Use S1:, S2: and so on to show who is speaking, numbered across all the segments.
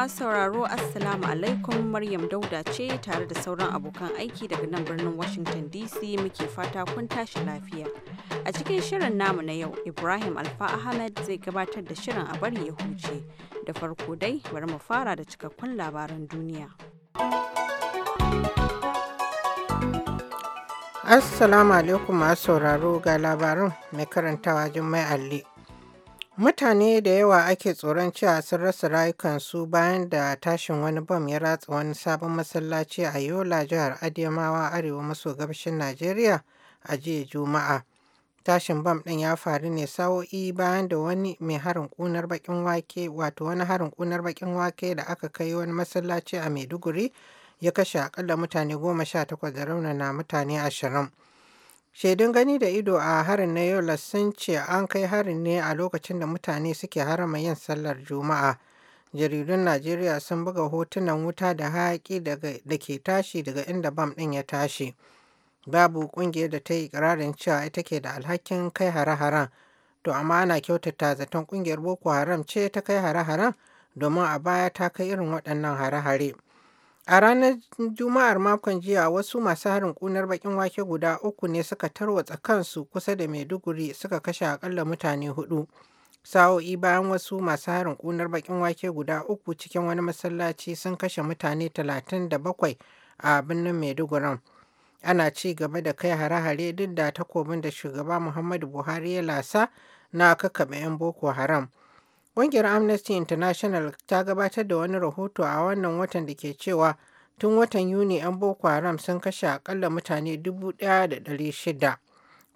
S1: masu sauraro Assalamu alaikum Maryam Dauda ce tare da sauran abokan aiki daga nan birnin Washington DC muke fata kun tashi lafiya. A cikin shirin namu na yau, Ibrahim Alfa Ahmed zai gabatar da shirin a bari ya huce. Da farko dai bari mu fara da cikakkun labaran duniya.
S2: Assalamu alaikum masu sauraro ga labaran, mai karantawa Jummai Alli. Mutane da yawa ake tsoron cewa sun rasa rayukansu bayan da tashin wani bam ya ratsa wani sabon masallaci a Yola jihar Adamawa arewa maso gabashin Najeriya a jiya Juma'a. Tashin bam ɗin ya faru ne sa'o'i bayan da wani mai harin ƙunar baƙin wake wato wani harin ƙunar bakin wake da aka kai wani masallaci a Maiduguri ya kashe akalla mutane goma sha takwas da raunana mutane ashirin. Shaidun gani da ido a harin na Yola sun ce an kai harin ne a lokacin da mutane suke harama yin sallar Juma'a. Jaridun Najeriya sun buga hotunan wuta da haƙi da ke tashi daga inda bam ɗin ya tashi. Babu ƙungiyar da ta yi ƙirarin cewa ita ke da alhakin kai hare-haren. To amma ana kyautata zaton ƙungiyar Boko Haram ce ta kai hare-haren domin a baya ta kai irin waɗannan hare-hare. A ranar Juma'ar makon jiya, wasu masu harin kunar baƙin wake guda uku ne suka tarwatsa kansu kusa da Maiduguri suka kashe akalla mutane hudu. Sa'o'i bayan wasu masu harin kunar bakin wake guda uku cikin wani masallaci sun kashe mutane talatin da bakwai a birnin Maidugurin. Ana ci gaba da kai hare-hare duk da takobin da shugaba Muhammadu Buhari ya lasa na kakkaɓe 'yan Boko Haram. Ƙungiyar Amnesty International ta gabatar da wani rahoto a wannan watan da ke cewa tun watan Yuni 'yan Boko Haram sun kashe akalla mutane 1,600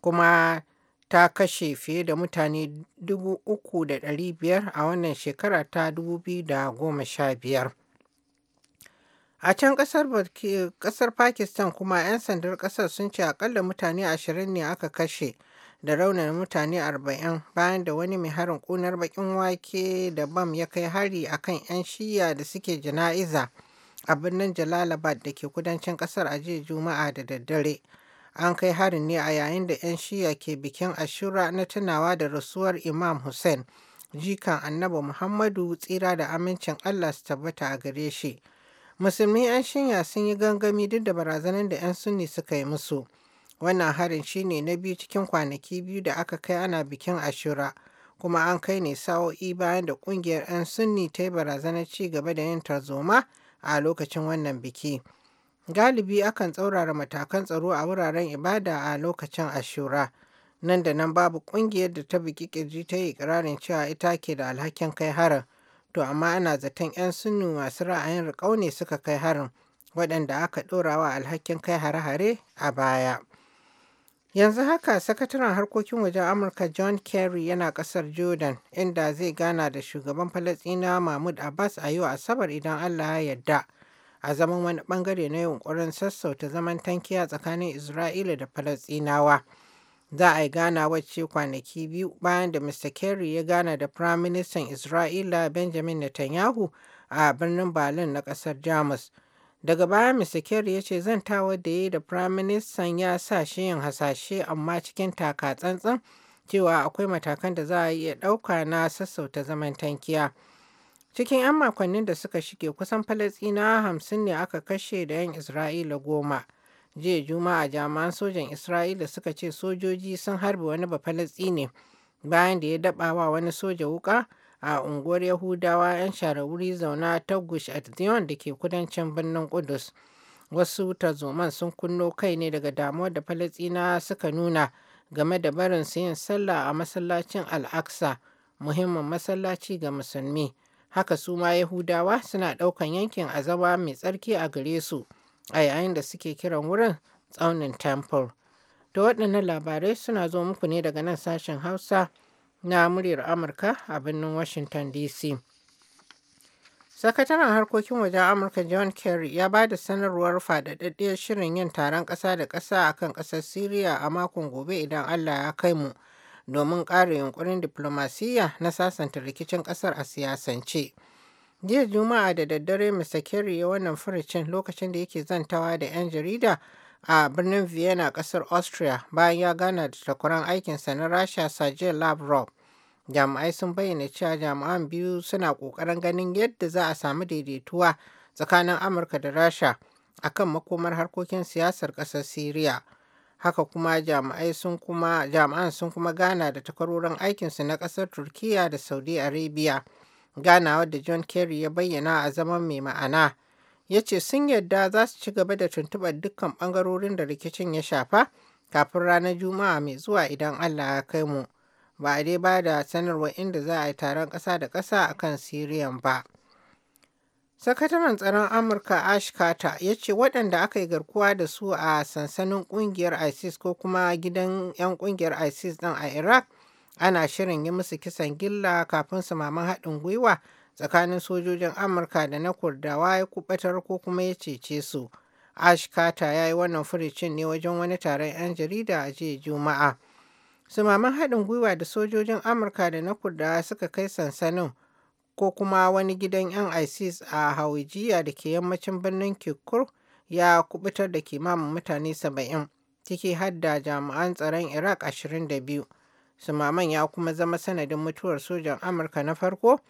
S2: kuma ta kashe fiye da mutane 3,500 a wannan shekara ta 2015. A can ƙasar Pakistan kuma 'yan sandar ƙasar sun ce akalla mutane ashirin ne aka kashe da raunin mutane 40 bayan da wani mai harin kunar bakin wake da bam ya kai hari a kan 'yan shiya da suke jana'iza a birnin jalalabad da ke kudancin kasar a jiya juma'a da daddare an kai harin ne a yayin da 'yan shiya ke bikin ashura na tunawa da rasuwar imam hussein jikan annabi muhammadu tsira da amincin allah su tabbata a gare shi musulmi 'yan shiya sun yi gangami duk da barazanar da 'yan sunni suka yi musu Wannan harin shi ne na biyu cikin kwanaki biyu da aka kai ana bikin Ashura, kuma an kai ne sa'o'i bayan da ƙungiyar 'yan Sunni ta yi barazana ci gaba da yin tarzoma a lokacin wannan biki. Galibi akan tsaurara matakan tsaro a wuraren ibada a lokacin Ashura. Nan da nan babu ƙungiyar da ta biki ƙirji ta yi ikirarin cewa ita ke da alhakin kai harin. To amma ana zaton 'yan Sunni masu ra'ayin rikau ne suka kai harin, waɗanda aka ɗorawa alhakin kai hare-hare a baya. Yanzu haka sakataren harkokin wajen Amurka John Kerry yana kasar Jordan inda zai gana da shugaban Falasina Mahmud Abbas a yau Asabar idan Allah ya yarda. A zaman wani bangare na yunkurin sassauta zaman tankiya tsakanin Isra'ila da Falasinawa. Za a yi gana wacce kwanaki biyu bayan da Mr. Kerry ya gana da Firaministan Isra'ila Benjamin Netanyahu a birnin Berlin na kasar Jamus. Daga baya Mr Kerry ya ce ta da ya yi da Firaministan ya sa shi yin hasashe amma cikin taka tsantsan cewa akwai matakan da za a iya ɗauka na sassauta zaman tankiya. Cikin 'yan makonnin da suka shige kusan Falasɗinawa hamsin ne aka kashe da 'yan Isra'ila goma. Jiya Juma'a jami'an sojan Isra'ila suka ce sojoji sun harbe wani ne, bayan da ya daɓa wa wani soja wuƙa a unguwar Yahudawa 'yan share wuri zauna ta Gush Etzion da ke kudancin birnin Kudus. Wasu tarzoman sun kunno kai ne daga damuwar da Falasɗinawa suka nuna game da barin su yin sallah a masallacin al'aksa muhimmin masallaci ga musulmi. Haka su ma Yahudawa suna ɗaukan yankin azaba mai tsarki a gare su a yayin da suke kiran wurin tsaunin Temple. Da waɗannan labarai suna zo muku ne daga nan sashen Hausa na muryar Amurka a birnin Washington DC. Sakataren harkokin wajen Amurka John Kerry ya ba da sanarwar faɗaɗɗiyar shirin yin taron ƙasa da ƙasa a kan ƙasar Siriya a makon gobe idan Allah ya kai mu domin ƙara yunkurin diplomasiyya na sasanta rikicin ƙasar a siyasance. Jiya Juma'a da daddare Mr. Kerry ya wannan furucin lokacin da yake zantawa da 'yan jarida a birnin Vienna ƙasar Austria bayan ya gana da takwaran aikinsa na Rasha Sergei Lavrov. jami'ai sun bayyana cewa jami'an biyu suna ƙoƙarin ganin yadda za a samu daidaituwa tsakanin amurka da rasha a kan makomar harkokin siyasar ƙasar syria haka kuma jami'an sun kuma gana da takwarorin aikinsu na ƙasar turkiya da saudi arabia ganawar da john kerry ya bayyana a zaman mai ma'ana ya ce sun yarda za su ci gaba da tuntuɓar dukkan ɓangarorin da rikicin ya shafa kafin ranar juma'a mai zuwa idan allah ya kai mu ba a dai ba da sanarwar inda za a yi taron ƙasa da ƙasa a kan siriyan ba sakataren tsaron amurka ash carter ya ce waɗanda aka yi garkuwa da su a sansanin ƙungiyar isis ko kuma gidan 'yan ƙungiyar isis ɗin a iraq ana shirin yi musu kisan gilla kafin su maman haɗin gwiwa tsakanin sojojin amurka da na kurdawa ya kubatar ko kuma ya cece su ash carter ya yi wannan furicin ne wajen wani taron 'yan jarida a jiya juma'a Sumaman haɗin gwiwa da sojojin Amurka da na Kurdawa suka kai sansanin ko kuma wani gidan 'yan ISIS a Hawiyjiya da ke yammacin birnin Kirkuk ya kubutar da kimanin mutane 70, ciki har da jami'an tsaron Iraq 22. Sumaman ya kuma zama sanadin mutuwar sojan Amurka na farko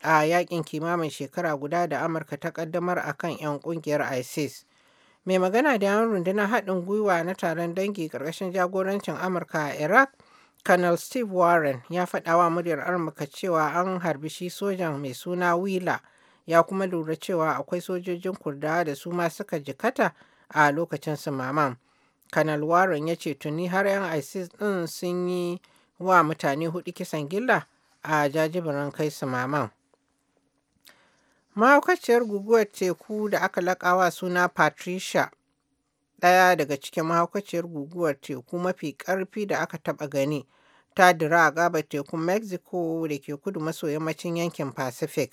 S2: a yakin kimamin shekara guda da Amurka ta kaddamar a kan 'yan kungiyar ISIS. Mai magana da yawan rundunar haɗin gwiwa na taron dangi ƙarƙashin jagorancin Amurka a Iraq, Colonel Steve Warren ya faɗa wa muryar Amurka cewa an harbi shi sojan mai suna Wheeler ya kuma lura cewa akwai sojojin kurda da su ma suka jikata a lokacin sumaman. Colonel Warren ya ce tuni har 'yan ISIS ɗin sun yi wa mutane hudu kisan gilla a jajibirin kai sumaman. Mahaukaciyar guguwar teku da aka laƙawa suna Patricia ɗaya daga cikin mahaukaciyar guguwar teku mafi ƙarfi da aka taɓa gani ta dira a gabar tekun mexico da ke kudu maso yammacin yankin pacific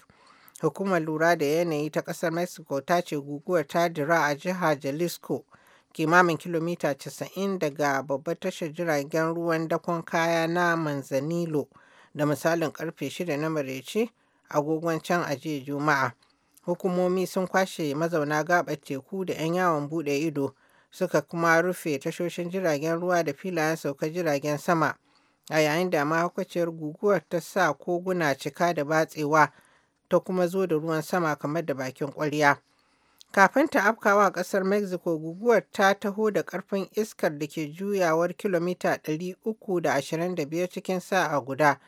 S2: hukumar lura da yanayi ta ƙasar mexico ta ce guguwar ta dira a jihar jalisco kimamin kilomita 90 daga babbar tashar jiragen ruwan dakon kaya na manzanilo da misalin karfe 6 na maraice agogon can ajiye juma'a hukumomi sun kwashe mazauna gaɓar teku da 'yan yawon bude ido suka kuma rufe tashoshin jiragen ruwa da filayen sauka jiragen sama a yayin da mahaukaciyar guguwar ta sa koguna cika da batsewa ta kuma zo da ruwan sama kamar da bakin ƙwarya. Kafin ta afkawa ƙasar Mexico guguwar ta taho da ƙarfin iskar da ke juyawar kilomita 325 cikin sa'a guda.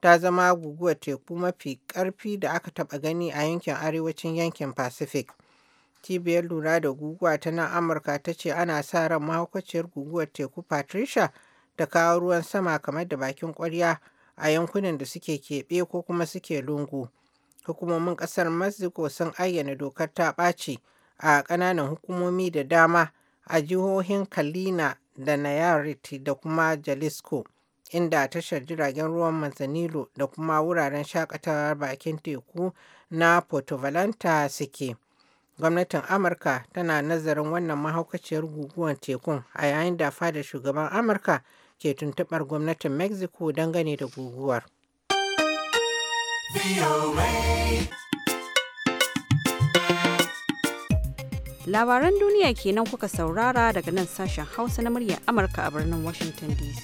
S2: Ta zama guguwar teku mafi ƙarfi da aka taɓa gani a yankin arewacin yankin Pacific. Cibiyar lura da guguwa ta nan Amurka ta ce ana sa ran mahaukaciyar guguwar teku Patricia da kawo ruwan sama kamar da bakin kwarya a yankunan da suke keɓe ko kuma suke lungu. Hukumomin ƙasar Mexico sun ayyana dokar ta ɓaci a ƙananan hukumomi da dama a jihohin Kalina da Nayarit da kuma Jalisco, inda tashar jiragen ruwan manzanilo da kuma wuraren shakatawar bakin teku na portovalanta suke. gwamnatin amurka tana nazarin wannan mahaukaciyar guguwar tekun a yayin da fadar shugaban amurka ke tuntuɓar gwamnatin mexico dangane da guguwar
S1: labaran duniya kenan kuka saurara daga nan sashen hausa na muryar amurka a birnin washington dc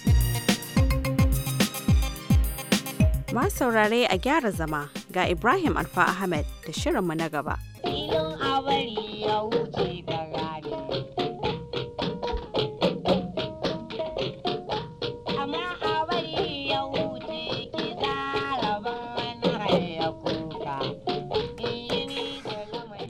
S1: masu saurare a gyara zama ga ibrahim alfa ahmed da mu na gaba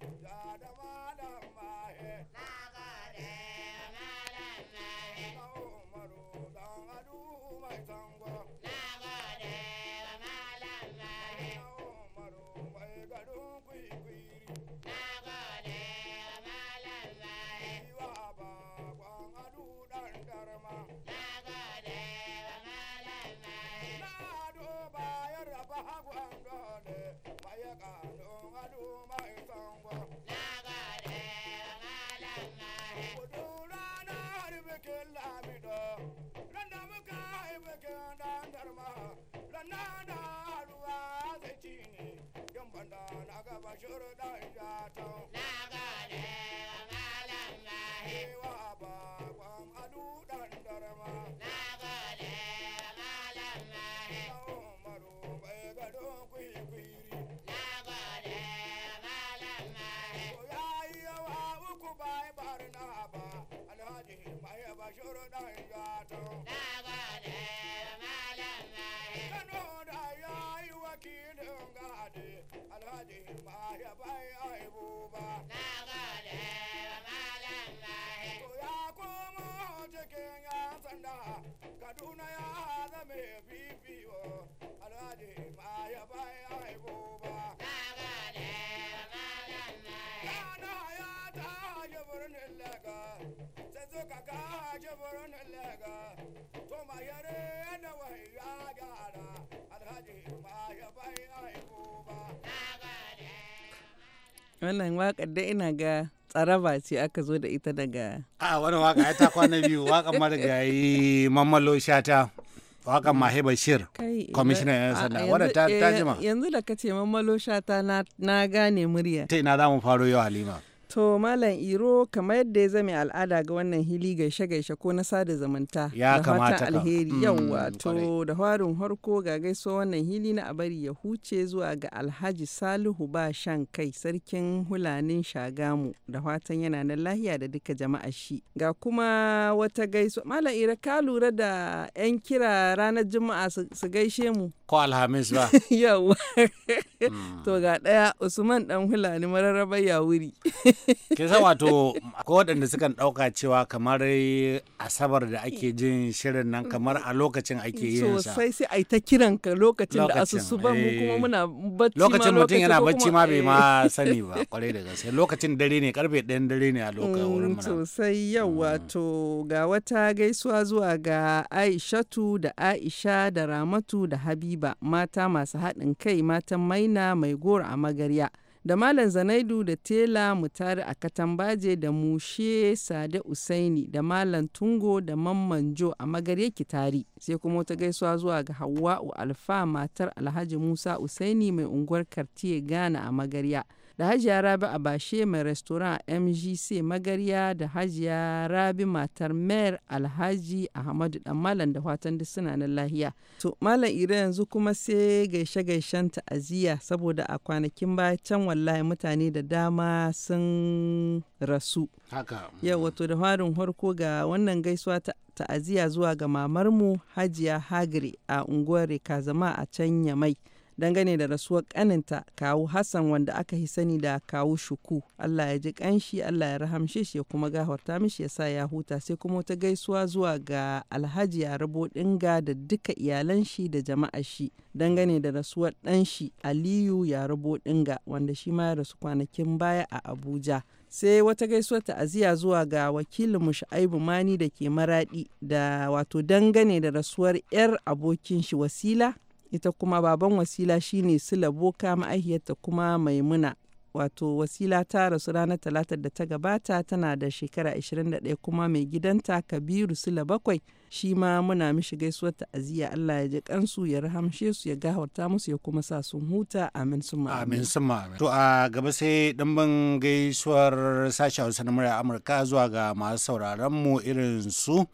S3: gaba ya da malam mahe.
S4: wannan waƙar da ina ga tsaraba ce aka zo da ita daga a wani waka ya ta kwana biyu wakan marigayi
S5: mamalo shata wakan mahe bashir kwamishinan yan sanda wadda ta eh, jima
S4: yanzu da ka ce mamalo shata na gane murya
S5: ta ina za mu faro yau halima
S4: To Malam Iro kamar yadda ya zame al'ada ga wannan hili gaishe-gaishe ko na sada zumunta.
S2: Ya kamata alheri mm, yawwa
S4: mm, to da farin harko ga gaiso wannan hili na abari ya huce zuwa ga Alhaji Salihu ba shan kai sarkin hulanin Shagamu da fatan yana nan lahiya da duka jama'a shi. Ga kuma wata gaiso Malam Iro ka lura da 'yan kira ranar Juma'a su gaishe mu.
S5: Ko Alhamis ba.
S4: yawwa. Mm. To ga ɗaya Usman ɗan hulani mararraba ya wuri.
S5: kin san wato ko waɗanda sukan ɗauka cewa kamar asabar da ake jin shirin nan kamar a lokacin ake yin sa sosai
S4: sai ai ta kiran ka lokacin da asusu ba mu kuma eh. muna bacci lokacin mutum yana bacci ma bai ma eh. sani
S5: ba kwarai da gaske lokacin dare ne karfe 1 dare ne a
S4: lokacin mm, wurin mu sosai yau mm. wato ga wata gaisuwa zuwa ga Aishatu da Aisha da Ramatu da Habiba mata masu haɗin kai matan maina mai gora a magarya. da Malam Zanaidu da Tela Mutari a Katambaje da Mushe Sade Usaini da Malam Tungo da Mamman Jo a Magarya Kitari sai kuma wata gaisuwa zuwa ga Hawwa'u Alfa matar Alhaji Musa Usaini mai unguwar Kartiye Ghana a Magarya. da hajiya rabi a Bashe mai restoran a mgc magarya da hajiya rabi matar mayar alhaji ahmadu dan malam da watan duk suna nan lahiya to malam ira yanzu kuma sai gaishe gaishen ta'aziyya saboda a kwanakin baya can wallahi mutane da dama sun rasu haka yau wato da farin harko ga wannan gaisuwa ta ta'aziyya zuwa ga mamarmu hajiya hagiri a unguwar kazama a can yamai dangane da rasuwar kaninta kawu Hassan wanda aka hi sani da kawu Shuku. Allah ya ji kanshi, Allah ya rahamshe shi ya kuma gafarta mishi ya sa ya huta sai kuma wata gaisuwa zuwa ga Alhaji ya rabo Dinga da duka iyalan shi da jama'a shi dangane da rasuwar dan shi Aliyu rabo Dinga wanda shi ma ya rasu kwanakin baya a Abuja. sai wata gaisuwar ta'aziyya zuwa ga wakilin mu sha'ibu Mani da ke maradi da wato dangane da rasuwar 'yar abokin shi wasila ita kuma baban wasila shine sila boka ma'ahiyarta kuma maimuna wato wasila ta rasu ranar talatar da ta gabata tana da shekara 21 kuma mai gidanta kabiru sila bakwai shi ma muna mishi gaisuwar ta'aziyya Allah ya ji kansu ya rahamshe su ya gafarta musu ya kuma sa sun huta amin summa amin
S5: summa amin to a gaba sai dimbin gaisuwar sashen Hausa na murya Amurka zuwa ga masu sauraron mu irin su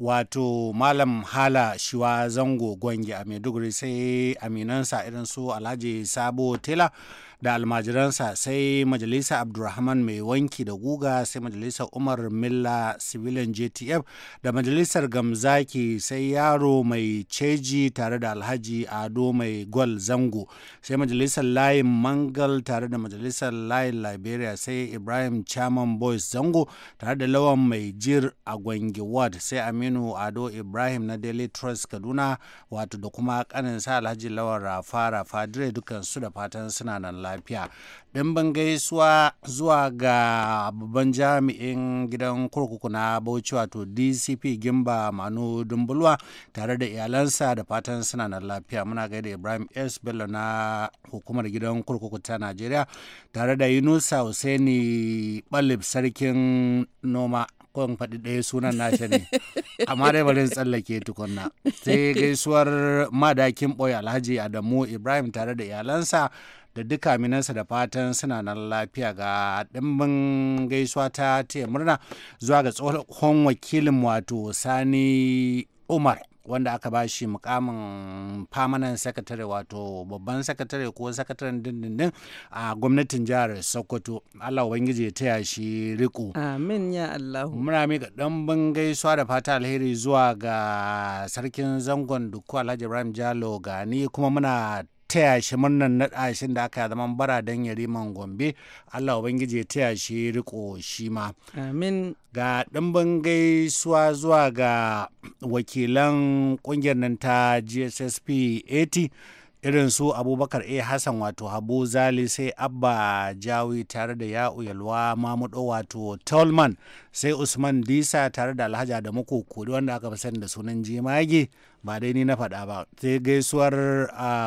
S5: wato malam hala shiwa zango gwangi a maiduguri sai aminansa irin su alhaji sabo tela da almajiransa sai majalisa abdulrahman mai wanki da guga sai majalisar umar milla civilian jtf da majalisar gamzaki sai yaro mai ceji tare da alhaji ado mai gwal zango sai majalisar layin mangal tare da majalisar layin liberia sai ibrahim chairman boys zango tare da lawan mai jir a gwangi ward sai aminu ado ibrahim na daily trust kaduna wato da kuma kaninsa alhaji lawan rafa rafa dire dukansu da fatan suna nan lafiya lafiya. ban gaisuwa zuwa ga babban jami'in gidan kurkuku na Bauchi wato DCP Gimba Manu Dumbulwa tare da iyalansa da fatan suna na lafiya. Muna gaida Ibrahim S. Bello na hukumar gidan kurkuku ta Najeriya tare da Yunusa Hussaini Balib Sarkin Noma kwan faɗi ɗaya sunan nasha ne amma dai bari tsallake tukunna sai gaisuwar madakin boy alhaji adamu ibrahim tare da iyalansa da duka minansa da fatan suna nan lafiya ga dimbin gaisuwa ta taya murna zuwa ga tsohon wakilin wato sani umar wanda aka ba shi mukamin famanan sakatare wato babban sakatare ko sakataren dindindin a gwamnatin jihar sokoto allah ubangiji ya taya shi riko amin ya allahu muna mika ɗanbin gaisuwa da fata alheri zuwa ga sarkin zangon duku alhaji ibrahim jalo gani kuma muna taya shi murnan naɗa shi da aka zama bara don yariman gombe allah ubangiji ya taya shi riko shi ma amin ga ɗimbin gaisuwa zuwa ga wakilan ƙungiyar nan ta gssp 80 irin su abubakar a hassan wato habu zali sai abba jawi tare da ya'u yalwa mamudo wato tolman sai usman disa tare da alhaja da muku kuri wanda aka fi sani da sunan jimage ba dai ni na faɗa ba sai gaisuwar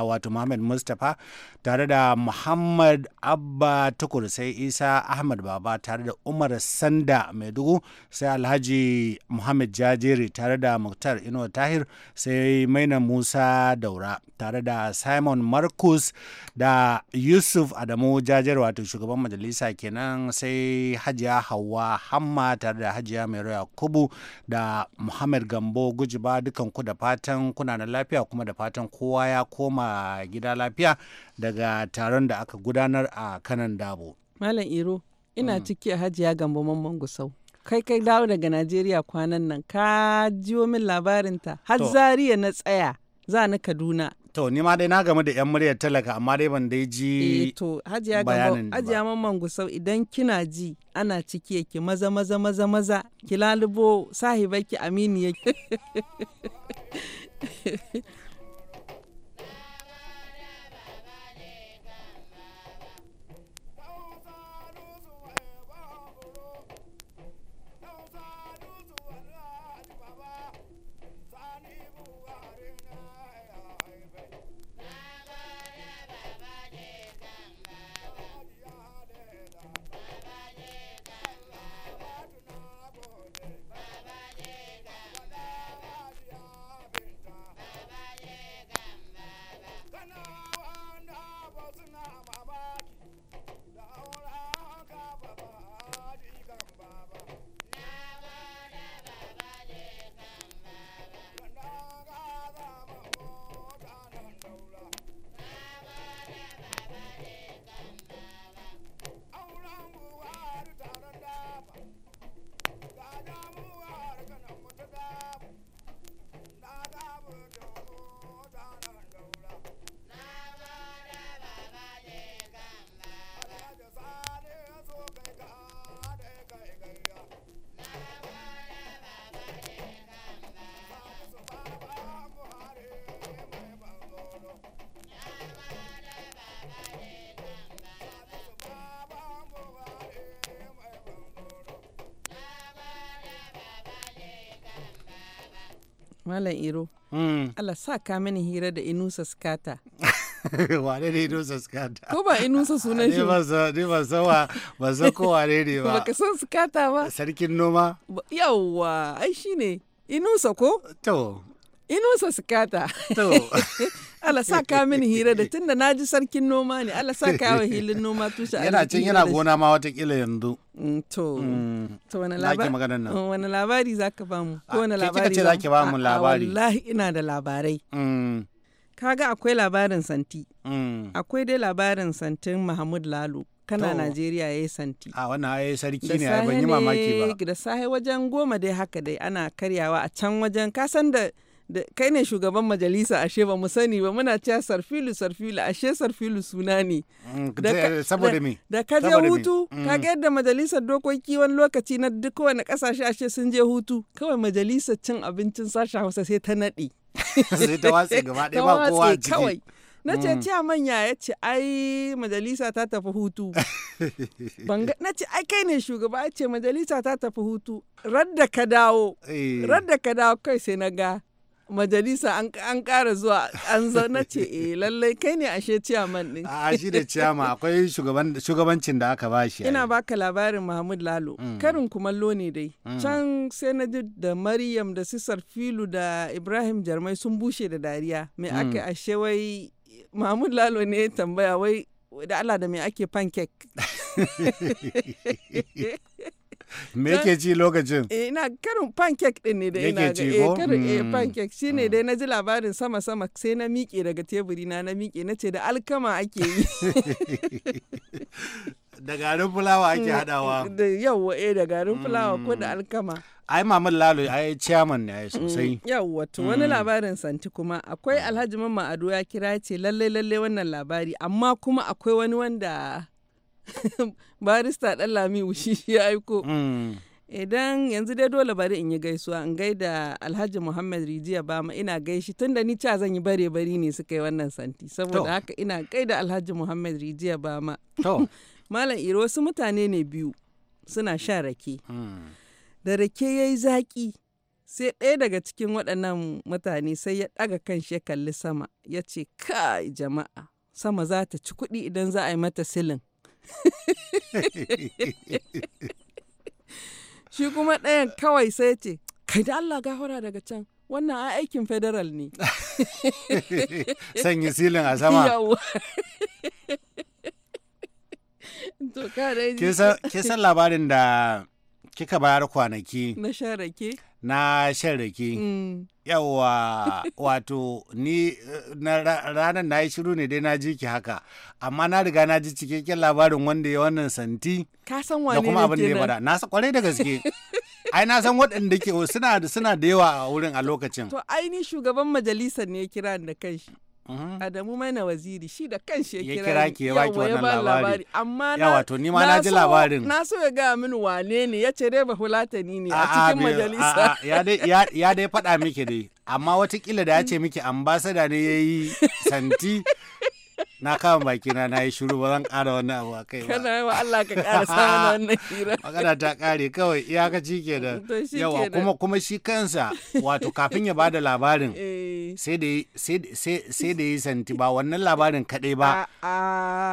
S5: wato muhammad mustapha tare da muhammad abba tukur sai isa ahmad baba tare da umar sanda mai maidugu sai alhaji muhammad jajiri tare da muktar ino tahir sai maina musa daura tare da simon marcus da yusuf adamu jajiri wato shugaban majalisa kenan sai hajiya hawa hamma tare da hajiya mai kubu da muhammad gambo gujiba dukan ku da fata fatan kuna na lafiya kuma da fatan kowa ya koma gida lafiya daga taron da aka gudanar a kanan dabo.
S4: Malam Iro, ina mm. ciki a hajiya gambo mamman gusau. Kai kai dawo daga Najeriya kwanan nan, ka jiyo min labarinta, har zariya na tsaya,
S5: za ni Kaduna. to ni ma dai na game da yan muryar talaka amma dai ban dai ji eh, to
S4: hajiya ba hajiya mamman gusau idan kina ji ana ciki yake maza maza maza maza ki lalubo sahibai amini yake Malam Iro. Hmm. Allah sa ka mini hira da Inusa Skata.
S5: wane ne Inusa Skata?
S4: Ko ba Inusa sunan shi? Ne ba
S5: wa, ba san ko wane ne ba. Baka
S4: san Skata ba?
S5: Sarkin noma?
S4: Yawwa, ai shi ne. Inusa ko? To. Inusa Skata. To. Allah sa ka mini hira da tunda na ji sarkin noma ne. Allah sa ka yawa hilin noma tushe. Yana cin yana gona
S5: ma watakila yanzu. To, mm. to wani labari?
S4: Mm, wani labari za ka bamu? Ko wani labari? ce za ba bamu labari? Wallahi ina da labarai. Mm. Kaga akwai labarin santi. Akwai dai labarin santin Mahmud Lalo. kana Najeriya ya yi santi. A
S5: wannan ya sarki ne ban yi mamaki
S4: ba. Da sahe wajen goma dai haka dai ana karyawa a can wajen kasan da kai ne shugaban majalisa ashe ba mu sani ba muna cewa sarfilu sarfilu ashe sarfilu suna ne
S2: mm, saboda me da ka je hutu mm. ka ga
S4: yadda majalisar dokoki wani lokaci na duk kowane kasashe ashe sun je hutu kawai majalisar cin abincin sasha hausa sai ta nade
S2: sai ta watsi gaba ɗaya ba kowa kawai
S4: na ce mm. ciya manya ya ce ai majalisa ta tafi hutu na ce ai kai ne shugaba ya ce majalisa ta tafi hutu radda ka dawo eh. radda ka dawo kai sai na ga majalisa an kara zuwa an zauna ce e lallai kai ne ashe ciyaman din A shi da ciyama
S5: akwai shugabancin da aka ba shi. Ina
S4: baka labarin Mahmud Lalo. Mm. Karin kumallo ne dai. Mm. Can sai na ji da Maryam da Sisar Filu da Ibrahim Jarmai sun bushe da dariya. Me mm. aka ashe wai Mahmud Lalo ne tambaya wai da Allah da mai ake pancake.
S2: me yake ci lokacin eh
S4: ina karin pancake din ne da ina ga eh karin eh mm. pancake shine ah. dai na ji labarin sama sama sai na miƙe daga teburi na na miƙe na ce da alkama ake yi
S5: da garin fulawa ake mm. hadawa da yawwa eh da garin fulawa ko da mm. alkama ai mamun lalo ai chairman ne ai sosai
S4: yawwa to wani labarin santi kuma akwai ah. alhaji mamma ado ya kira ce lalle lalle wannan labari amma kuma akwai wani wanda barista ɗan lami wushi ya aiko mm. idan yanzu dai dole bari in yi gaisuwa in gaida alhaji muhammad rijiya ma ina gaishi tun da ni ca zan yi bare bari ne suka yi wannan santi saboda haka ina gaida alhaji muhammad rijiya ma. malam iro wasu mutane ne biyu suna sha rake mm. da rake ya yi zaƙi sai ɗaya daga cikin waɗannan mutane sai ya ɗaga kan shi ya kalli sama ya ce kai jama'a sama za ta ci kuɗi idan za a yi mata silin shi kuma ɗayan kawai sai ce kai da Allah gafara daga can wannan a aikin federal ne
S5: sanyi silin a sama
S4: kin
S5: labarin da kika bayar kwanaki
S4: na shan rake
S5: na shan rake. Mm. Yawa wato ni eh, na ranar na yi shiru ne dai na ji ki haka amma na riga na ji cikakken labarin wanda ya wannan santi
S4: da kuma abin da ya bada
S5: na kwarai da gaske ai na san waɗanda ke suna da yawa a wurin a lokacin to
S4: ai ni shugaban majalisar ne ya kira da shi. Mhm. Adamu Maina Waziri shi da kan shi ya kira ki ya baki wannan labari. Amma na na so ya gaya min wane ne ya ce Reba Fulatani ne a cikin majalisa.
S5: Ya dai faɗa miki dai amma watakila da ya ce miki ambasada ne ya yi santi na kama baki na na yi shuru ba zan kara wani abu a kai ba
S4: kana wa Allah ka kara samun wannan hira magana
S5: ta kare kawai iyakaci da yawa kuma kuma shi kansa wato kafin ya bada labarin eh. sai da yi santi ba wannan labarin kaɗai ba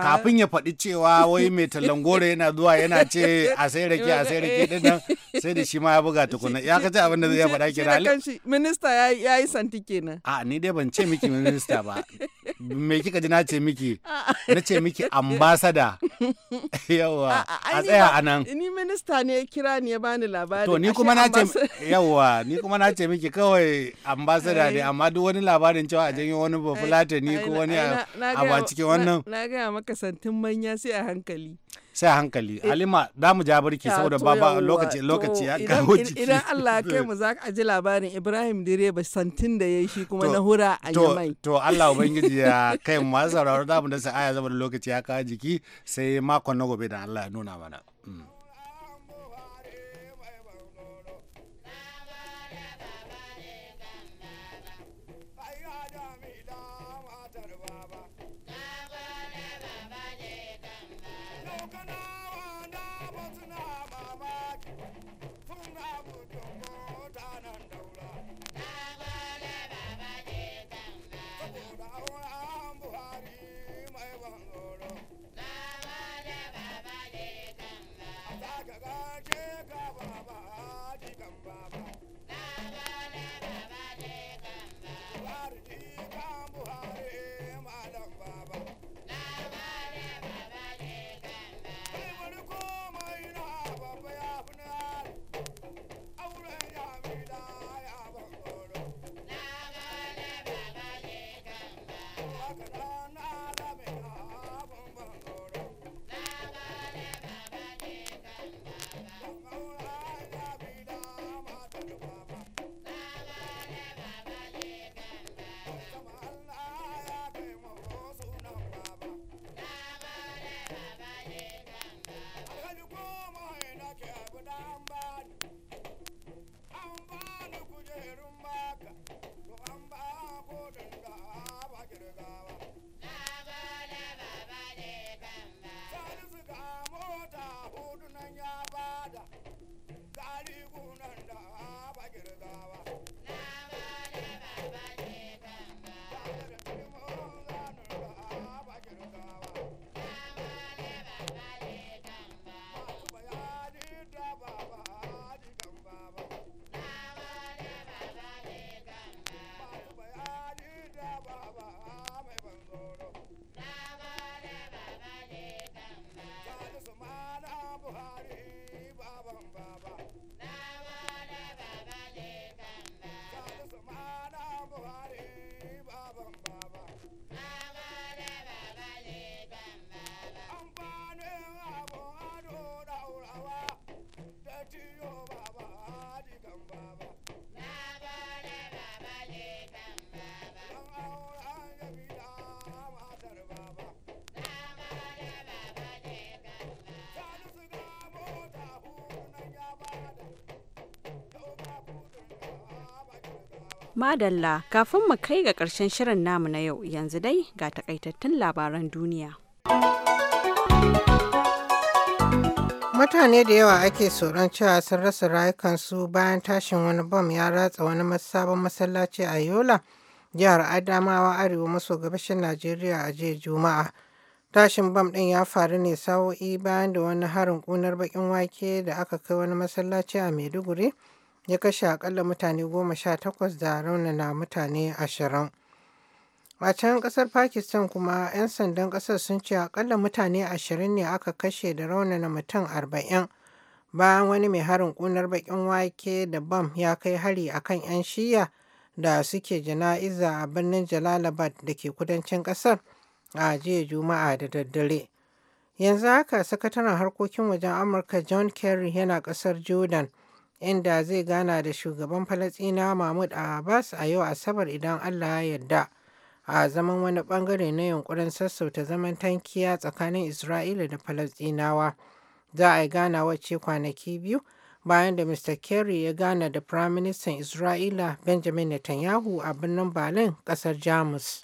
S5: kafin ya faɗi cewa wai mai talangore yana zuwa yana ce a sai rake a sai rake eh. din nan sai da shi ma ya buga tukuna ya kace abin da zai faɗa kira minista ya yi santi kenan a ni dai ban ce miki minista ba me kika ji na ce miki miki ah. na ce miki ambasada yawa ah, ah, a tsaya a nan ni
S4: minista ne kira ni ya bani labari to ni kuma na ce
S5: yawa ni kuma na ce miki kawai ambasada ne eh. amma duk wani labarin cewa a janyo wani eh. bafulata ni eh. ko wani a ba cikin wannan
S4: na gaya maka santin manya sai a hankali
S5: sai hankali eh, halima za mu ja barki saboda ba lokaci lokaci ya kan wuce
S4: idan Allah kai mu za ka ji labarin Ibrahim Direba santin da yayi shi kuma na hura a yamai to Allah ubangiji ya
S5: kai mu sauraro da mu da sai aya saboda lokaci ya kawo jiki sai makon na gobe da Allah ya nuna mana mm.
S1: Madalla kafin mu kai ga ƙarshen shirin namu na yau yanzu dai ga takaitattun labaran duniya.
S2: Mutane da yawa ake tsoron cewa sun rasa rayukansu bayan tashin wani bom ya ratsa wani sabon masallaci a Yola, jihar Adamawa Arewa maso gabashin Najeriya a jiya Juma'a. Tashin bam ɗin ya faru ne sa'o'i bayan da wani harin ƙunar baƙin wake da aka kai wani masallaci a Maiduguri. ya kashe akalla mutane goma sha takwas da raunana mutane ashirin. A can kasar Pakistan kuma 'yan sandan kasar sun ce akalla mutane ashirin ne aka kashe da raunana mutum arba'in bayan wani mai harin kunar bakin wake da bam ya kai hari akan 'yan shiya da suke jana'iza a birnin Jalalabad da ke kudancin kasar a jiya Juma'a da daddare. Yanzu haka sakataren harkokin wajen Amurka John Kerry yana kasar Jordan. inda zai gana da shugaban Falasina Mahmud Abbas a yau Asabar idan Allah ya yarda. a zaman wani bangare na yunkurin sassauta zaman tankiya tsakanin Isra'ila da Falasinawa, Za a yi gana wacce kwanaki biyu bayan da Mr. Kerry ya gana da Firaministan Isra'ila Benjamin
S1: Netanyahu a birnin Berlin, ƙasar Jamus.